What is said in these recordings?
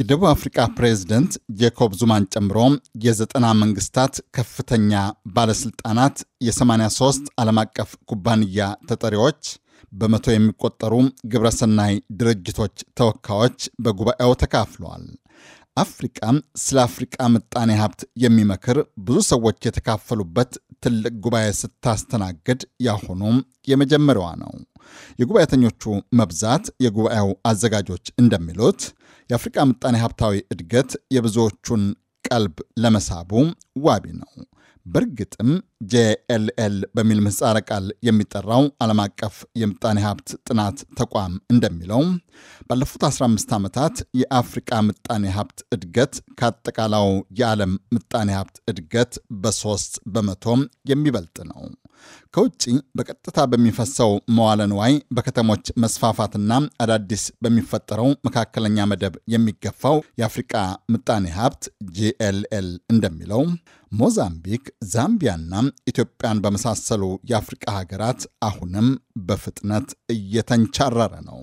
የደቡብ አፍሪካ ፕሬዝደንት ጄኮብ ዙማን ጨምሮ የዘጠና መንግስታት ከፍተኛ ባለስልጣናት፣ የ83 ዓለም አቀፍ ኩባንያ ተጠሪዎች፣ በመቶ የሚቆጠሩ ግብረሰናይ ድርጅቶች ተወካዮች በጉባኤው ተካፍለዋል። አፍሪቃም ስለ አፍሪቃ ምጣኔ ሀብት የሚመክር ብዙ ሰዎች የተካፈሉበት ትልቅ ጉባኤ ስታስተናግድ ያሁኑም የመጀመሪያዋ ነው። የጉባኤተኞቹ መብዛት የጉባኤው አዘጋጆች እንደሚሉት የአፍሪቃ ምጣኔ ሀብታዊ እድገት የብዙዎቹን ቀልብ ለመሳቡ ዋቢ ነው። በእርግጥም ጄኤልኤል በሚል ምህጻረ ቃል የሚጠራው ዓለም አቀፍ የምጣኔ ሀብት ጥናት ተቋም እንደሚለው ባለፉት 15 ዓመታት የአፍሪቃ ምጣኔ ሀብት እድገት ከአጠቃላው የዓለም ምጣኔ ሀብት እድገት በሶስት በመቶም የሚበልጥ ነው። ከውጭ በቀጥታ በሚፈሰው መዋለ ንዋይ በከተሞች መስፋፋትና አዳዲስ በሚፈጠረው መካከለኛ መደብ የሚገፋው የአፍሪቃ ምጣኔ ሀብት ጂኤልኤል እንደሚለው ሞዛምቢክ፣ ዛምቢያና ኢትዮጵያን በመሳሰሉ የአፍሪቃ ሀገራት አሁንም በፍጥነት እየተንቻረረ ነው።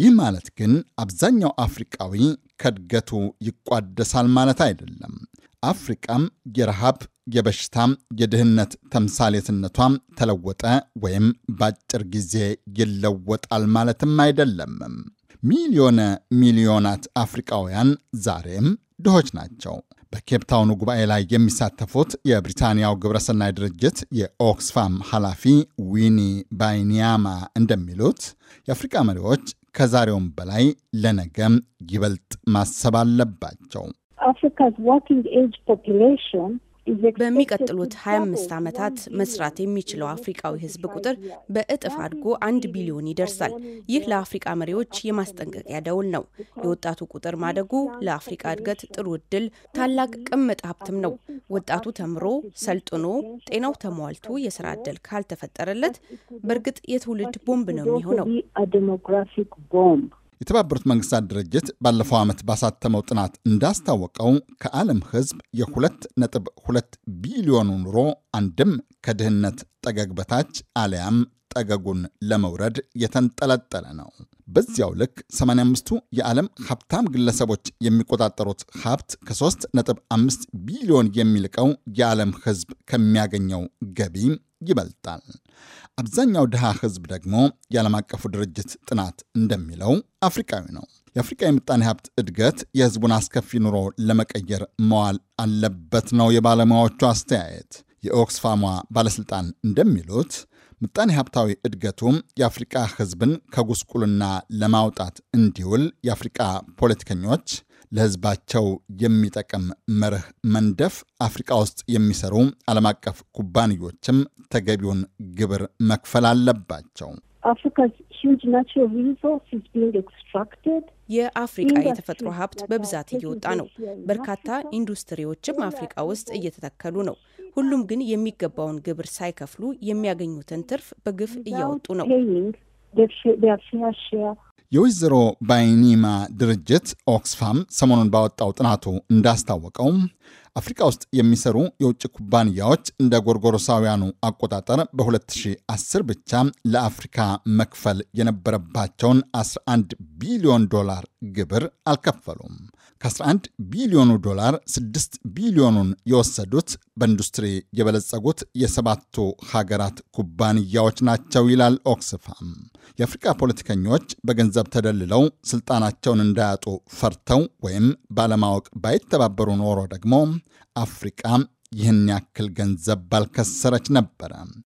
ይህ ማለት ግን አብዛኛው አፍሪቃዊ ከእድገቱ ይቋደሳል ማለት አይደለም። አፍሪቃም የረሃብ የበሽታ የድህነት ተምሳሌትነቷም ተለወጠ ወይም በአጭር ጊዜ ይለወጣል ማለትም አይደለም። ሚሊዮነ ሚሊዮናት አፍሪቃውያን ዛሬም ድሆች ናቸው። በኬፕታውኑ ጉባኤ ላይ የሚሳተፉት የብሪታንያው ግብረሰናይ ድርጅት የኦክስፋም ኃላፊ ዊኒ ባይኒያማ እንደሚሉት የአፍሪቃ መሪዎች ከዛሬውም በላይ ለነገም ይበልጥ ማሰብ አለባቸው። በሚቀጥሉት 25 ዓመታት መስራት የሚችለው አፍሪካዊ ሕዝብ ቁጥር በእጥፍ አድጎ አንድ ቢሊዮን ይደርሳል። ይህ ለአፍሪቃ መሪዎች የማስጠንቀቂያ ደውል ነው። የወጣቱ ቁጥር ማደጉ ለአፍሪቃ እድገት ጥሩ እድል፣ ታላቅ ቅምጥ ሀብትም ነው። ወጣቱ ተምሮ ሰልጥኖ ጤናው ተሟልቶ የስራ እድል ካልተፈጠረለት በእርግጥ የትውልድ ቦምብ ነው የሚሆነው። የተባበሩት መንግስታት ድርጅት ባለፈው ዓመት ባሳተመው ጥናት እንዳስታወቀው ከዓለም ህዝብ የሁለት ነጥብ ሁለት ቢሊዮኑ ኑሮ አንድም ከድህነት ጠገግ በታች አሊያም ጠገጉን ለመውረድ የተንጠለጠለ ነው። በዚያው ልክ 85ቱ የዓለም ሀብታም ግለሰቦች የሚቆጣጠሩት ሀብት ከ3.5 ቢሊዮን የሚልቀው የዓለም ህዝብ ከሚያገኘው ገቢ ይበልጣል። አብዛኛው ድሃ ህዝብ ደግሞ የዓለም አቀፉ ድርጅት ጥናት እንደሚለው አፍሪካዊ ነው። የአፍሪካ የምጣኔ ሀብት እድገት የህዝቡን አስከፊ ኑሮ ለመቀየር መዋል አለበት ነው የባለሙያዎቹ አስተያየት። የኦክስፋሟ ባለሥልጣን እንደሚሉት ምጣኔ ሀብታዊ እድገቱም የአፍሪቃ ህዝብን ከጉስቁልና ለማውጣት እንዲውል የአፍሪቃ ፖለቲከኞች ለህዝባቸው የሚጠቅም መርህ መንደፍ አፍሪቃ ውስጥ የሚሰሩ ዓለም አቀፍ ኩባንያዎችም ተገቢውን ግብር መክፈል አለባቸው። የአፍሪቃ የተፈጥሮ ሀብት በብዛት እየወጣ ነው። በርካታ ኢንዱስትሪዎችም አፍሪቃ ውስጥ እየተተከሉ ነው። ሁሉም ግን የሚገባውን ግብር ሳይከፍሉ የሚያገኙትን ትርፍ በግፍ እያወጡ ነው። የወይዘሮ ባይኒማ ድርጅት ኦክስፋም ሰሞኑን ባወጣው ጥናቱ እንዳስታወቀው አፍሪካ ውስጥ የሚሰሩ የውጭ ኩባንያዎች እንደ ጎርጎሮሳውያኑ አቆጣጠር በ2010 ብቻ ለአፍሪካ መክፈል የነበረባቸውን 11 ቢሊዮን ዶላር ግብር አልከፈሉም። ከ11 ቢሊዮኑ ዶላር 6 ቢሊዮኑን የወሰዱት በኢንዱስትሪ የበለጸጉት የሰባቱ ሀገራት ኩባንያዎች ናቸው ይላል ኦክስፋም። የአፍሪካ ፖለቲከኞች በገንዘብ ተደልለው ስልጣናቸውን እንዳያጡ ፈርተው ወይም ባለማወቅ ባይተባበሩ ኖሮ ደግሞ አፍሪቃ ይህን ያክል ገንዘብ ባልከሰረች ነበረ።